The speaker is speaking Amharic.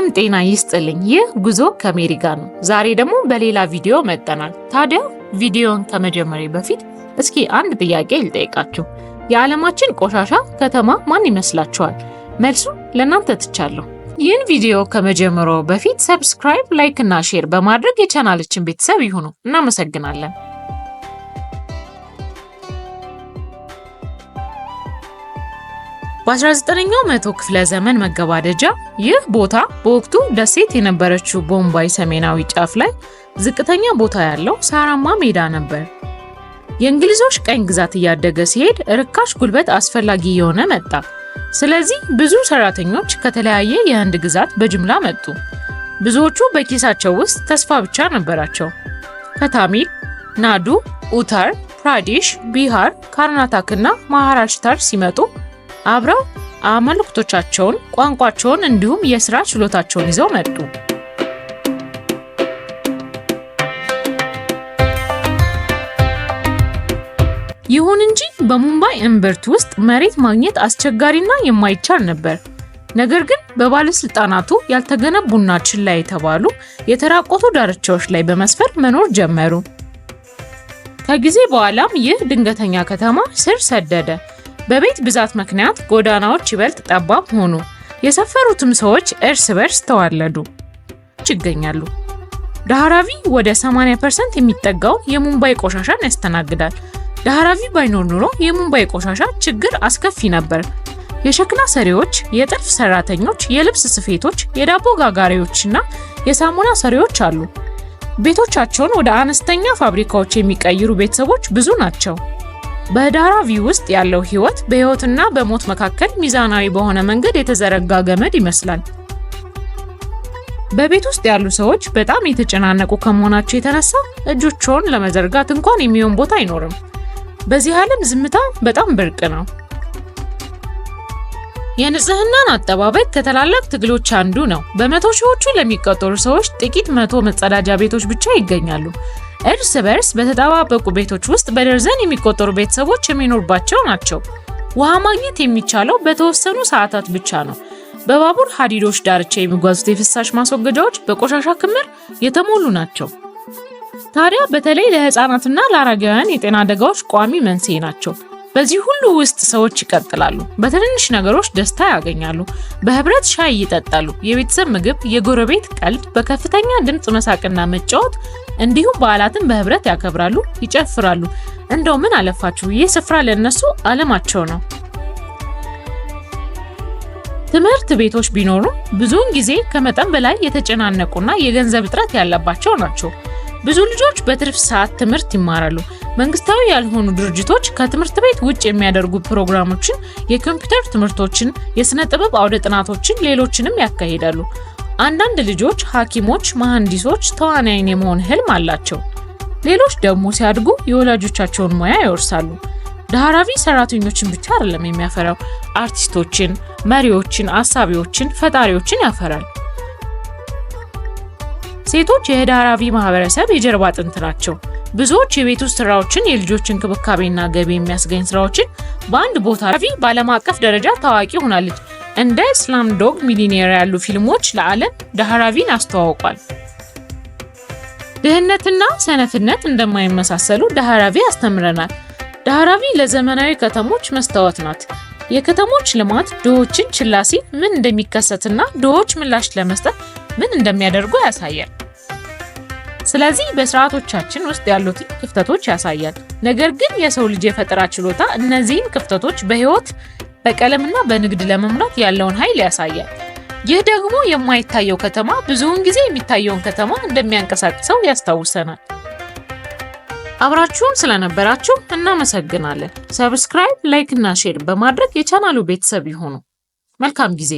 ሰላም ጤና ይስጥልኝ። ይህ ጉዞ ከሜሪ ጋር ነው። ዛሬ ደግሞ በሌላ ቪዲዮ መጠናል። ታዲያ ቪዲዮን ከመጀመሪ በፊት እስኪ አንድ ጥያቄ ልጠይቃችሁ። የዓለማችን ቆሻሻ ከተማ ማን ይመስላችኋል? መልሱ ለእናንተ ትቻለሁ። ይህን ቪዲዮ ከመጀመሪያው በፊት ሰብስክራይብ፣ ላይክ እና ሼር በማድረግ የቻናላችን ቤተሰብ ይሁኑ። እናመሰግናለን። በ19ኛው መቶ ክፍለ ዘመን መገባደጃ ይህ ቦታ በወቅቱ ደሴት የነበረችው ቦምባይ ሰሜናዊ ጫፍ ላይ ዝቅተኛ ቦታ ያለው ሳራማ ሜዳ ነበር። የእንግሊዞች ቀኝ ግዛት እያደገ ሲሄድ ርካሽ ጉልበት አስፈላጊ የሆነ መጣ። ስለዚህ ብዙ ሰራተኞች ከተለያየ የህንድ ግዛት በጅምላ መጡ። ብዙዎቹ በኪሳቸው ውስጥ ተስፋ ብቻ ነበራቸው። ከታሚል ናዱ፣ ኡታር ፕራዴሽ፣ ቢሃር፣ ካርናታክ እና ማሃራሽታር ሲመጡ አብረው አመልክቶቻቸውን፣ ቋንቋቸውን እንዲሁም የስራ ችሎታቸውን ይዘው መጡ። ይሁን እንጂ በሙምባይ እምብርት ውስጥ መሬት ማግኘት አስቸጋሪና የማይቻል ነበር። ነገር ግን በባለስልጣናቱ ያልተገነቡና ችላ የተባሉ የተራቆቱ ዳርቻዎች ላይ በመስፈር መኖር ጀመሩ። ከጊዜ በኋላም ይህ ድንገተኛ ከተማ ስር ሰደደ። በቤት ብዛት ምክንያት ጎዳናዎች ይበልጥ ጠባብ ሆኑ። የሰፈሩትም ሰዎች እርስ በርስ ተዋለዱ ይገኛሉ። ዳህራቪ ወደ 80% የሚጠጋው የሙምባይ ቆሻሻን ያስተናግዳል። ዳህራቪ ባይኖር ኑሮ የሙምባይ ቆሻሻ ችግር አስከፊ ነበር። የሸክላ ሰሪዎች፣ የጥልፍ ሰራተኞች፣ የልብስ ስፌቶች፣ የዳቦ ጋጋሪዎችና የሳሙና ሰሪዎች አሉ። ቤቶቻቸውን ወደ አነስተኛ ፋብሪካዎች የሚቀይሩ ቤተሰቦች ብዙ ናቸው። በዳራቪ ውስጥ ያለው ህይወት በህይወትና በሞት መካከል ሚዛናዊ በሆነ መንገድ የተዘረጋ ገመድ ይመስላል። በቤት ውስጥ ያሉ ሰዎች በጣም የተጨናነቁ ከመሆናቸው የተነሳ እጆቻቸውን ለመዘርጋት እንኳን የሚሆን ቦታ አይኖርም። በዚህ ዓለም ዝምታ በጣም ብርቅ ነው። የንጽህናን አጠባበቅ ከታላላቅ ትግሎች አንዱ ነው። በመቶ ሺዎቹ ለሚቆጠሩ ሰዎች ጥቂት መቶ መጸዳጃ ቤቶች ብቻ ይገኛሉ። እርስ በርስ በተጠባበቁ ቤቶች ውስጥ በደርዘን የሚቆጠሩ ቤተሰቦች የሚኖርባቸው ናቸው። ውሃ ማግኘት የሚቻለው በተወሰኑ ሰዓታት ብቻ ነው። በባቡር ሀዲዶች ዳርቻ የሚጓዙት የፍሳሽ ማስወገጃዎች በቆሻሻ ክምር የተሞሉ ናቸው። ታዲያ በተለይ ለህፃናትና ለአረጋውያን የጤና አደጋዎች ቋሚ መንስኤ ናቸው። በዚህ ሁሉ ውስጥ ሰዎች ይቀጥላሉ፣ በትንንሽ ነገሮች ደስታ ያገኛሉ፣ በህብረት ሻይ ይጠጣሉ፣ የቤተሰብ ምግብ፣ የጎረቤት ቀልድ፣ በከፍተኛ ድምፅ መሳቅና መጫወት፣ እንዲሁም በዓላትን በህብረት ያከብራሉ፣ ይጨፍራሉ። እንደው ምን አለፋችሁ ይህ ስፍራ ለነሱ አለማቸው ነው። ትምህርት ቤቶች ቢኖሩም ብዙውን ጊዜ ከመጠን በላይ የተጨናነቁና የገንዘብ እጥረት ያለባቸው ናቸው። ብዙ ልጆች በትርፍ ሰዓት ትምህርት ይማራሉ መንግስታዊ ያልሆኑ ድርጅቶች ከትምህርት ቤት ውጭ የሚያደርጉ ፕሮግራሞችን፣ የኮምፒውተር ትምህርቶችን፣ የስነ ጥበብ አውደ ጥናቶችን፣ ሌሎችንም ያካሂዳሉ። አንዳንድ ልጆች ሐኪሞች፣ መሐንዲሶች፣ ተዋናይን የመሆን ህልም አላቸው። ሌሎች ደግሞ ሲያድጉ የወላጆቻቸውን ሙያ ይወርሳሉ። ዳህራቪ ሰራተኞችን ብቻ አይደለም የሚያፈራው፣ አርቲስቶችን፣ መሪዎችን፣ አሳቢዎችን፣ ፈጣሪዎችን ያፈራል። ሴቶች የዳህራቪ ማህበረሰብ የጀርባ አጥንት ናቸው። ብዙዎች የቤት ውስጥ ስራዎችን፣ የልጆች እንክብካቤና ገቢ የሚያስገኝ ስራዎችን በአንድ ቦታ ፊ በዓለም አቀፍ ደረጃ ታዋቂ ሆናለች። እንደ ስላም ዶግ ሚሊኔር ያሉ ፊልሞች ለዓለም ዳህራቪን አስተዋውቋል። ድህነትና ሰነፍነት እንደማይመሳሰሉ ዳህራቪ አስተምረናል። ዳህራቪ ለዘመናዊ ከተሞች መስታወት ናት። የከተሞች ልማት ድሆችን ችላ ሲል ምን እንደሚከሰትና ድሆች ምላሽ ለመስጠት ምን እንደሚያደርጉ ያሳያል። ስለዚህ በስርዓቶቻችን ውስጥ ያሉትን ክፍተቶች ያሳያል። ነገር ግን የሰው ልጅ የፈጠራ ችሎታ እነዚህን ክፍተቶች በህይወት በቀለምና በንግድ ለመምራት ያለውን ኃይል ያሳያል። ይህ ደግሞ የማይታየው ከተማ ብዙውን ጊዜ የሚታየውን ከተማ እንደሚያንቀሳቅሰው ያስታውሰናል። አብራችሁን ስለነበራችሁ እናመሰግናለን። ሰብስክራይብ፣ ላይክ እና ሼር በማድረግ የቻናሉ ቤተሰብ ይሁኑ። መልካም ጊዜ